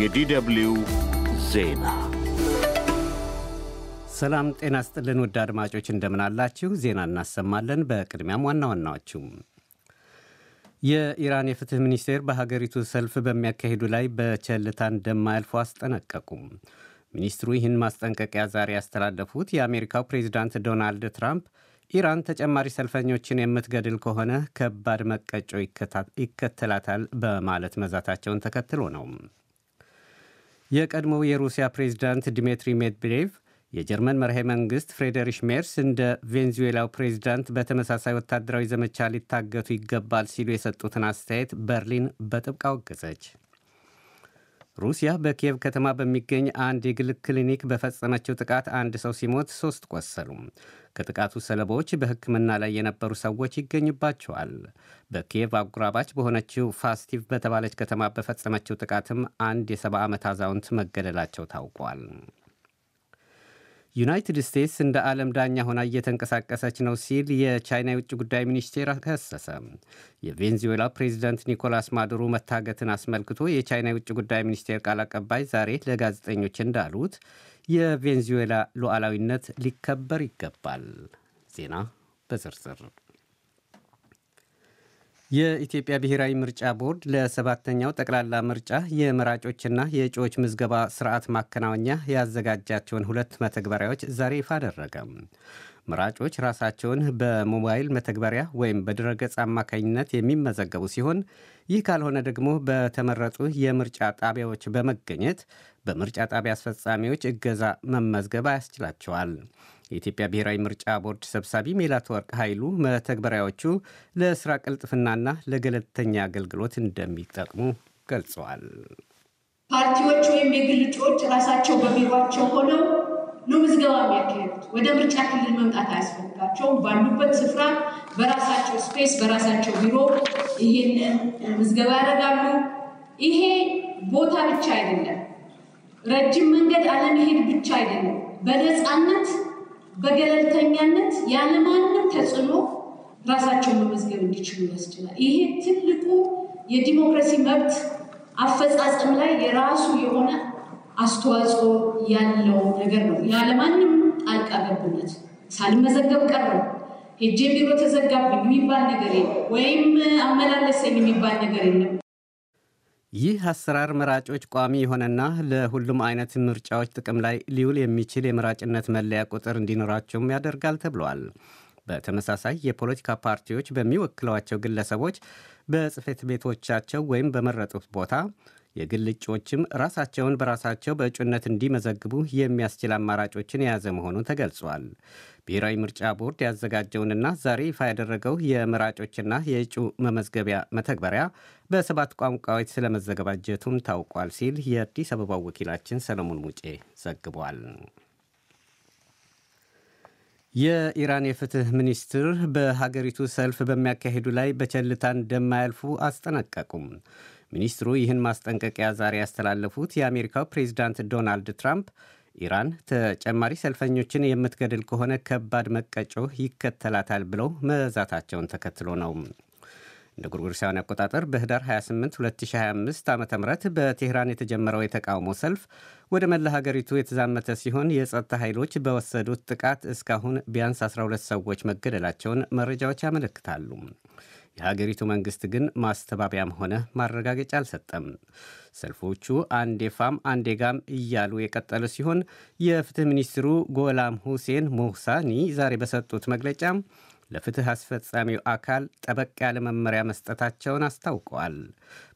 የዲደብልዩ ዜና ሰላም ጤና ስጥልን። ውድ አድማጮች እንደምናላችሁ። ዜና እናሰማለን። በቅድሚያም ዋና ዋናዎቹም የኢራን የፍትህ ሚኒስቴር በሀገሪቱ ሰልፍ በሚያካሂዱ ላይ በቸልታ እንደማያልፉ አስጠነቀቁም። ሚኒስትሩ ይህን ማስጠንቀቂያ ዛሬ ያስተላለፉት የአሜሪካው ፕሬዚዳንት ዶናልድ ትራምፕ ኢራን ተጨማሪ ሰልፈኞችን የምትገድል ከሆነ ከባድ መቀጮ ይከተላታል በማለት መዛታቸውን ተከትሎ ነው። የቀድሞው የሩሲያ ፕሬዚዳንት ዲሜትሪ ሜድቬዴቭ የጀርመን መርሄ መንግሥት ፍሬደሪሽ ሜርስ እንደ ቬንዙዌላው ፕሬዚዳንት በተመሳሳይ ወታደራዊ ዘመቻ ሊታገቱ ይገባል ሲሉ የሰጡትን አስተያየት በርሊን በጥብቅ አወገዘች። ሩሲያ በኪየቭ ከተማ በሚገኝ አንድ የግል ክሊኒክ በፈጸመችው ጥቃት አንድ ሰው ሲሞት ሦስት ቆሰሉ። ከጥቃቱ ሰለባዎች በሕክምና ላይ የነበሩ ሰዎች ይገኙባቸዋል። በኪየቭ አጉራባች በሆነችው ፋስቲቭ በተባለች ከተማ በፈጸመችው ጥቃትም አንድ የሰባ ዓመት አዛውንት መገደላቸው ታውቋል። ዩናይትድ ስቴትስ እንደ ዓለም ዳኛ ሆና እየተንቀሳቀሰች ነው ሲል የቻይና የውጭ ጉዳይ ሚኒስቴር ከሰሰ። የቬንዙዌላ ፕሬዚደንት ኒኮላስ ማዱሮ መታገትን አስመልክቶ የቻይና የውጭ ጉዳይ ሚኒስቴር ቃል አቀባይ ዛሬ ለጋዜጠኞች እንዳሉት የቬንዙዌላ ሉዓላዊነት ሊከበር ይገባል። ዜና በዝርዝር የኢትዮጵያ ብሔራዊ ምርጫ ቦርድ ለሰባተኛው ጠቅላላ ምርጫ የመራጮችና የእጩዎች ምዝገባ ስርዓት ማከናወኛ ያዘጋጃቸውን ሁለት መተግበሪያዎች ዛሬ ይፋ አደረገ። መራጮች ራሳቸውን በሞባይል መተግበሪያ ወይም በድረገጽ አማካኝነት የሚመዘገቡ ሲሆን ይህ ካልሆነ ደግሞ በተመረጡ የምርጫ ጣቢያዎች በመገኘት በምርጫ ጣቢያ አስፈጻሚዎች እገዛ መመዝገብ ያስችላቸዋል። የኢትዮጵያ ብሔራዊ ምርጫ ቦርድ ሰብሳቢ ወርቅ ኃይሉ መተግበሪያዎቹ ለስራ ቅልጥፍናና ለገለልተኛ አገልግሎት እንደሚጠቅሙ ገልጸዋል። ፓርቲዎች ወይም የግል እጩዎች ራሳቸው በቢሯቸው ሆነው ነው ምዝገባ የሚያካሄዱት። ወደ ምርጫ ክልል መምጣት አያስፈልጋቸውም። ባሉበት ስፍራ በራሳቸው ስፔስ በራሳቸው ቢሮ ይሄንን ምዝገባ ያደርጋሉ። ይሄ ቦታ ብቻ አይደለም፣ ረጅም መንገድ አለመሄድ ብቻ አይደለም። በነፃነት በገለልተኛነት ያለማንም ተጽዕኖ ራሳቸውን መመዝገብ እንዲችሉ ያስችላል። ይሄ ትልቁ የዲሞክራሲ መብት አፈጻጸም ላይ የራሱ የሆነ አስተዋጽኦ ያለው ነገር ነው። ያለማንም ጣልቃ ገብነት ሳልመዘገብ ቀረ ሄጄ ቢሮ ተዘጋብኝ የሚባል ነገር የለም፣ ወይም አመላለሰኝ የሚባል ነገር የለም። ይህ አሰራር መራጮች ቋሚ የሆነና ለሁሉም አይነት ምርጫዎች ጥቅም ላይ ሊውል የሚችል የመራጭነት መለያ ቁጥር እንዲኖራቸውም ያደርጋል ተብሏል። በተመሳሳይ የፖለቲካ ፓርቲዎች በሚወክለዋቸው ግለሰቦች በጽሕፈት ቤቶቻቸው ወይም በመረጡት ቦታ የግል እጩዎችም ራሳቸውን በራሳቸው በእጩነት እንዲመዘግቡ የሚያስችል አማራጮችን የያዘ መሆኑ ተገልጿል። ብሔራዊ ምርጫ ቦርድ ያዘጋጀውንና ዛሬ ይፋ ያደረገው የመራጮችና የእጩ መመዝገቢያ መተግበሪያ በሰባት ቋንቋዎች ስለመዘገባጀቱም ታውቋል ሲል የአዲስ አበባው ወኪላችን ሰለሞን ሙጬ ዘግቧል። የኢራን የፍትህ ሚኒስትር በሀገሪቱ ሰልፍ በሚያካሂዱ ላይ በቸልታ እንደማያልፉ አስጠነቀቁም። ሚኒስትሩ ይህን ማስጠንቀቂያ ዛሬ ያስተላለፉት የአሜሪካው ፕሬዚዳንት ዶናልድ ትራምፕ ኢራን ተጨማሪ ሰልፈኞችን የምትገድል ከሆነ ከባድ መቀጮ ይከተላታል ብለው መዛታቸውን ተከትሎ ነው። እንደ ጎርጎሮሳውያን አቆጣጠር በህዳር 28 2025 ዓ ም በቴህራን የተጀመረው የተቃውሞ ሰልፍ ወደ መላ ሀገሪቱ የተዛመተ ሲሆን የጸጥታ ኃይሎች በወሰዱት ጥቃት እስካሁን ቢያንስ 12 ሰዎች መገደላቸውን መረጃዎች ያመለክታሉ። የሀገሪቱ መንግስት ግን ማስተባበያም ሆነ ማረጋገጫ አልሰጠም። ሰልፎቹ አንዴ ፋም አንዴ ጋም እያሉ የቀጠሉ ሲሆን የፍትህ ሚኒስትሩ ጎላም ሁሴን ሞሳኒ ዛሬ በሰጡት መግለጫ ለፍትህ አስፈጻሚው አካል ጠበቅ ያለ መመሪያ መስጠታቸውን አስታውቀዋል።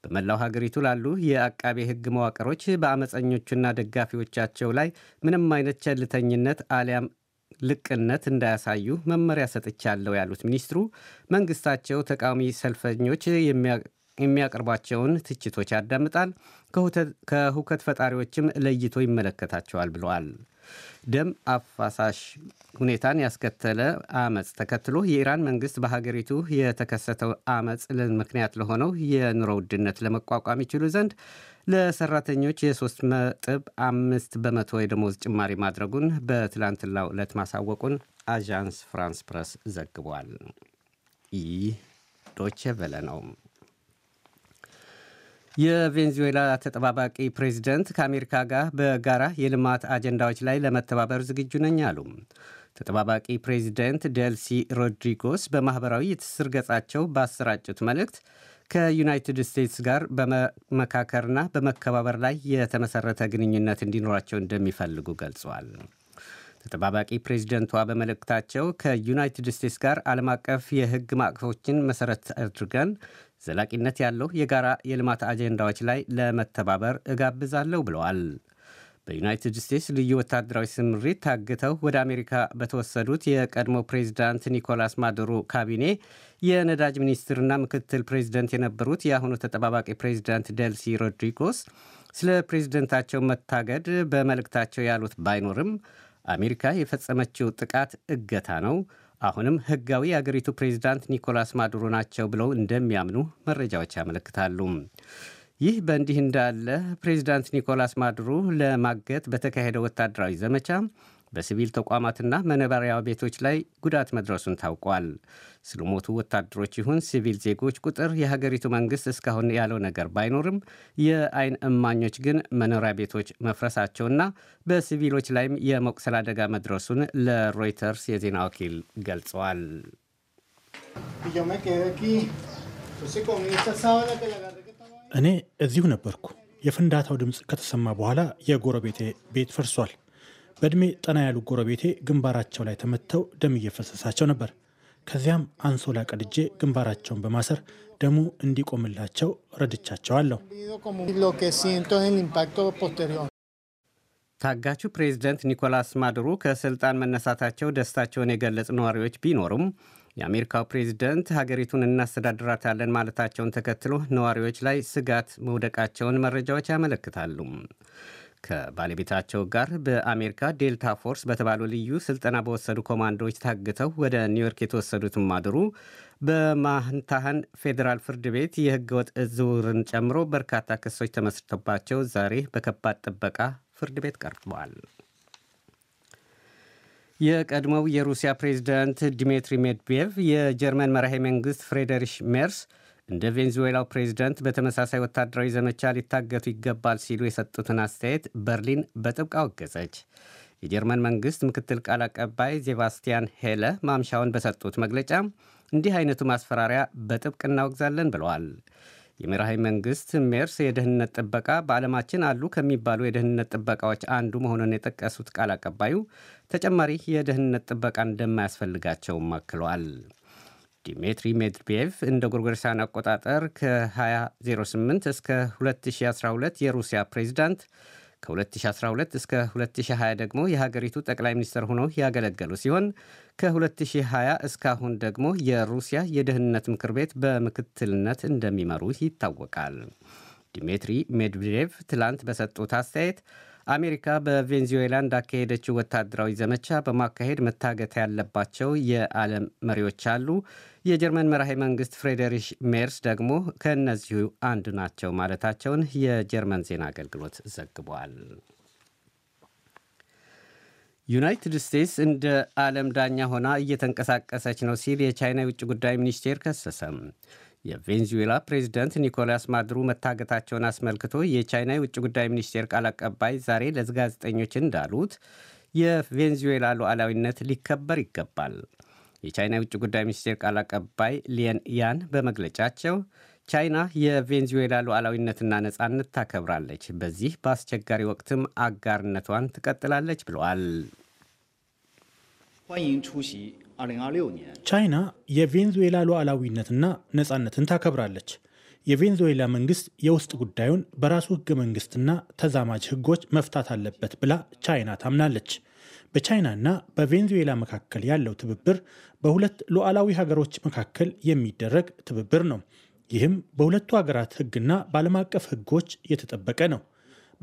በመላው ሀገሪቱ ላሉ የአቃቤ ሕግ መዋቅሮች በአመፀኞቹና ደጋፊዎቻቸው ላይ ምንም አይነት ቸልተኝነት አሊያም ልቅነት እንዳያሳዩ መመሪያ ሰጥቻለሁ ያሉት ሚኒስትሩ መንግስታቸው ተቃዋሚ ሰልፈኞች የሚያቀርቧቸውን ትችቶች ያዳምጣል፣ ከሁከት ፈጣሪዎችም ለይቶ ይመለከታቸዋል ብለዋል። ደም አፋሳሽ ሁኔታን ያስከተለ አመፅ ተከትሎ የኢራን መንግስት በሀገሪቱ የተከሰተው አመፅ ምክንያት ለሆነው የኑሮ ውድነት ለመቋቋም ይችሉ ዘንድ ለሰራተኞች የሶስት ነጥብ አምስት በመቶ የደሞዝ ጭማሪ ማድረጉን በትላንትናው ዕለት ማሳወቁን አዣንስ ፍራንስ ፕረስ ዘግቧል። ይህ ዶቼ ቬለ ነው። የቬንዙዌላ ተጠባባቂ ፕሬዚደንት ከአሜሪካ ጋር በጋራ የልማት አጀንዳዎች ላይ ለመተባበር ዝግጁ ነኝ አሉ። ተጠባባቂ ፕሬዚደንት ዴልሲ ሮድሪጎስ በማኅበራዊ የትስስር ገጻቸው ባሰራጩት መልእክት ከዩናይትድ ስቴትስ ጋር በመመካከርና በመከባበር ላይ የተመሰረተ ግንኙነት እንዲኖራቸው እንደሚፈልጉ ገልጸዋል። ተጠባባቂ ፕሬዚደንቷ በመልእክታቸው ከዩናይትድ ስቴትስ ጋር ዓለም አቀፍ የሕግ ማዕቀፎችን መሠረት አድርገን ዘላቂነት ያለው የጋራ የልማት አጀንዳዎች ላይ ለመተባበር እጋብዛለሁ ብለዋል። በዩናይትድ ስቴትስ ልዩ ወታደራዊ ስምሪት ታግተው ወደ አሜሪካ በተወሰዱት የቀድሞ ፕሬዚዳንት ኒኮላስ ማዱሮ ካቢኔ የነዳጅ ሚኒስትርና ምክትል ፕሬዚደንት የነበሩት የአሁኑ ተጠባባቂ ፕሬዚዳንት ደልሲ ሮድሪጎስ ስለ ፕሬዚደንታቸው መታገድ በመልእክታቸው ያሉት ባይኖርም አሜሪካ የፈጸመችው ጥቃት እገታ ነው፣ አሁንም ህጋዊ የአገሪቱ ፕሬዚዳንት ኒኮላስ ማዱሮ ናቸው ብለው እንደሚያምኑ መረጃዎች ያመለክታሉ። ይህ በእንዲህ እንዳለ ፕሬዚዳንት ኒኮላስ ማዱሮ ለማገት በተካሄደ ወታደራዊ ዘመቻ በሲቪል ተቋማትና መነበሪያ ቤቶች ላይ ጉዳት መድረሱን ታውቋል። ስለሞቱ ወታደሮች ይሁን ሲቪል ዜጎች ቁጥር የሀገሪቱ መንግስት እስካሁን ያለው ነገር ባይኖርም የአይን እማኞች ግን መኖሪያ ቤቶች መፍረሳቸውና በሲቪሎች ላይም የመቁሰል አደጋ መድረሱን ለሮይተርስ የዜና ወኪል ገልጸዋል። እኔ እዚሁ ነበርኩ። የፍንዳታው ድምፅ ከተሰማ በኋላ የጎረቤቴ ቤት ፈርሷል። በዕድሜ ጠና ያሉ ጎረቤቴ ግንባራቸው ላይ ተመተው ደም እየፈሰሳቸው ነበር። ከዚያም አንሶላ ቀድጄ ግንባራቸውን በማሰር ደሙ እንዲቆምላቸው ረድቻቸዋለሁ። ታጋቹ ፕሬዝደንት ኒኮላስ ማዱሮ ከስልጣን መነሳታቸው ደስታቸውን የገለጹ ነዋሪዎች ቢኖሩም የአሜሪካው ፕሬዚደንት ሀገሪቱን እናስተዳድራታለን ማለታቸውን ተከትሎ ነዋሪዎች ላይ ስጋት መውደቃቸውን መረጃዎች ያመለክታሉ። ከባለቤታቸው ጋር በአሜሪካ ዴልታ ፎርስ በተባለው ልዩ ስልጠና በወሰዱ ኮማንዶዎች ታግተው ወደ ኒውዮርክ የተወሰዱት ማድሩ በማንታሃን ፌዴራል ፍርድ ቤት ወጥ ዝውውርን ጨምሮ በርካታ ክሶች ተመስርተባቸው ዛሬ በከባድ ጥበቃ ፍርድ ቤት ቀርበዋል። የቀድሞው የሩሲያ ፕሬዚዳንት ዲሜትሪ ሜድቬቭ የጀርመን መራሄ መንግሥት ፍሬደሪሽ ሜርስ እንደ ቬንዙዌላው ፕሬዝዳንት በተመሳሳይ ወታደራዊ ዘመቻ ሊታገቱ ይገባል ሲሉ የሰጡትን አስተያየት በርሊን በጥብቅ አወገዘች። የጀርመን መንግሥት ምክትል ቃል አቀባይ ዜባስቲያን ሄለ ማምሻውን በሰጡት መግለጫ እንዲህ አይነቱ ማስፈራሪያ በጥብቅ እናወግዛለን ብለዋል። የመራሄ መንግስት ሜርስ የደህንነት ጥበቃ በዓለማችን አሉ ከሚባሉ የደህንነት ጥበቃዎች አንዱ መሆኑን የጠቀሱት ቃል አቀባዩ ተጨማሪ የደህንነት ጥበቃ እንደማያስፈልጋቸውም አክለዋል። ዲሜትሪ ሜድቬቭ እንደ ጎርጎርሳን አቆጣጠር ከ2008 እስከ 2012 የሩሲያ ፕሬዚዳንት ከ2012 እስከ 2020 ደግሞ የሀገሪቱ ጠቅላይ ሚኒስትር ሆነው ያገለገሉ ሲሆን ከ2020 እስካሁን ደግሞ የሩሲያ የደህንነት ምክር ቤት በምክትልነት እንደሚመሩ ይታወቃል። ዲሜትሪ ሜድቬዴቭ ትላንት በሰጡት አስተያየት አሜሪካ በቬንዙዌላ እንዳካሄደችው ወታደራዊ ዘመቻ በማካሄድ መታገት ያለባቸው የዓለም መሪዎች አሉ። የጀርመን መራሄ መንግስት ፍሬደሪሽ ሜርስ ደግሞ ከእነዚሁ አንዱ ናቸው ማለታቸውን የጀርመን ዜና አገልግሎት ዘግቧል። ዩናይትድ ስቴትስ እንደ ዓለም ዳኛ ሆና እየተንቀሳቀሰች ነው ሲል የቻይና የውጭ ጉዳይ ሚኒስቴር ከሰሰም። የቬንዙዌላ ፕሬዚደንት ኒኮላስ ማዱሮ መታገታቸውን አስመልክቶ የቻይና የውጭ ጉዳይ ሚኒስቴር ቃል አቀባይ ዛሬ ለጋዜጠኞች እንዳሉት የቬንዙዌላ ሉዓላዊነት ሊከበር ይገባል። የቻይና የውጭ ጉዳይ ሚኒስቴር ቃል አቀባይ ሊየን ያን በመግለጫቸው ቻይና የቬንዙዌላ ሉዓላዊነትና ነጻነት ታከብራለች፣ በዚህ በአስቸጋሪ ወቅትም አጋርነቷን ትቀጥላለች ብለዋል። ቻይና የቬንዙዌላ ሉዓላዊነትና ነፃነትን ታከብራለች። የቬንዙዌላ መንግስት የውስጥ ጉዳዩን በራሱ ህገ መንግስትና ተዛማጅ ህጎች መፍታት አለበት ብላ ቻይና ታምናለች። በቻይናና በቬንዙዌላ መካከል ያለው ትብብር በሁለት ሉዓላዊ ሀገሮች መካከል የሚደረግ ትብብር ነው። ይህም በሁለቱ ሀገራት ህግና በዓለም አቀፍ ህጎች የተጠበቀ ነው።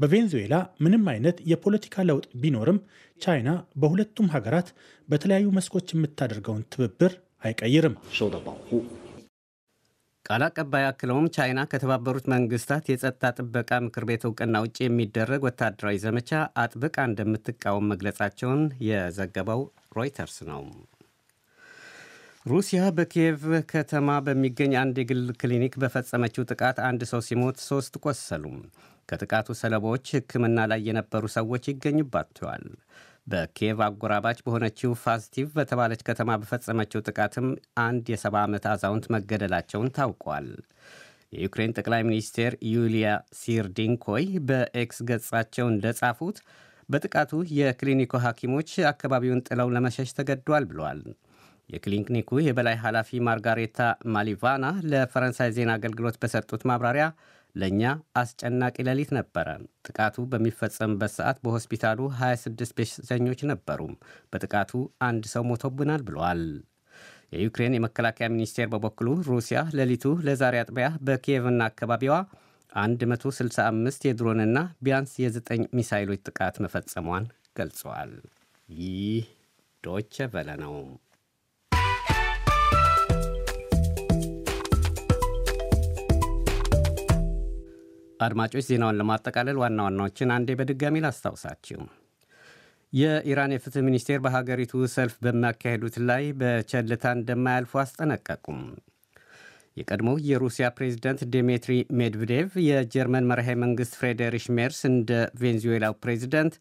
በቬንዙዌላ ምንም አይነት የፖለቲካ ለውጥ ቢኖርም ቻይና በሁለቱም ሀገራት በተለያዩ መስኮች የምታደርገውን ትብብር አይቀይርም። ቃል አቀባይ አክለውም ቻይና ከተባበሩት መንግስታት የጸጥታ ጥበቃ ምክር ቤት እውቅና ውጭ የሚደረግ ወታደራዊ ዘመቻ አጥብቃ እንደምትቃወም መግለጻቸውን የዘገበው ሮይተርስ ነው። ሩሲያ በኪየቭ ከተማ በሚገኝ አንድ የግል ክሊኒክ በፈጸመችው ጥቃት አንድ ሰው ሲሞት ሦስት ቆሰሉ። ከጥቃቱ ሰለባዎች ሕክምና ላይ የነበሩ ሰዎች ይገኙባቸዋል። በኪየቭ አጎራባች በሆነችው ፋስቲቭ በተባለች ከተማ በፈጸመችው ጥቃትም አንድ የሰባ ዓመት አዛውንት መገደላቸውን ታውቋል። የዩክሬን ጠቅላይ ሚኒስቴር ዩሊያ ሲርዲንኮይ በኤክስ ገጻቸው እንደጻፉት በጥቃቱ የክሊኒኩ ሐኪሞች አካባቢውን ጥለው ለመሸሽ ተገዷል ብሏል። የክሊኒኩ የበላይ ኃላፊ ማርጋሬታ ማሊቫና ለፈረንሳይ ዜና አገልግሎት በሰጡት ማብራሪያ ለእኛ አስጨናቂ ሌሊት ነበረ። ጥቃቱ በሚፈጸምበት ሰዓት በሆስፒታሉ 26 በሽተኞች ነበሩም። በጥቃቱ አንድ ሰው ሞቶብናል ብለዋል። የዩክሬን የመከላከያ ሚኒስቴር በበኩሉ ሩሲያ ሌሊቱ ለዛሬ አጥቢያ በኪየቭና አካባቢዋ 165 የድሮንና ቢያንስ የዘጠኝ ሚሳይሎች ጥቃት መፈጸሟን ገልጸዋል። ይህ ዶቸ ቨለ ነው። አድማጮች ዜናውን ለማጠቃለል ዋና ዋናዎችን አንዴ በድጋሚ ላስታውሳችሁ። የኢራን የፍትህ ሚኒስቴር በሀገሪቱ ሰልፍ በሚያካሄዱት ላይ በቸልታ እንደማያልፉ አስጠነቀቁም። የቀድሞው የሩሲያ ፕሬዝደንት ዲሚትሪ ሜድቭዴቭ የጀርመን መራሄ መንግሥት ፍሬዴሪሽ ሜርስ እንደ ቬንዙዌላው ፕሬዝደንት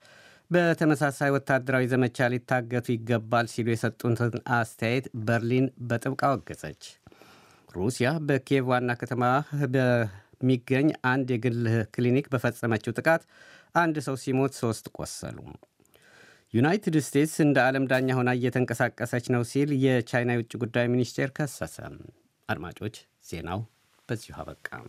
በተመሳሳይ ወታደራዊ ዘመቻ ሊታገቱ ይገባል ሲሉ የሰጡትን አስተያየት በርሊን በጥብቅ አወገዘች። ሩሲያ በኪየቭ ዋና ከተማ የሚገኝ አንድ የግል ክሊኒክ በፈጸመችው ጥቃት አንድ ሰው ሲሞት ሶስት ቆሰሉ። ዩናይትድ ስቴትስ እንደ ዓለም ዳኛ ሆና እየተንቀሳቀሰች ነው ሲል የቻይና የውጭ ጉዳይ ሚኒስቴር ከሰሰ። አድማጮች ዜናው በዚሁ አበቃም።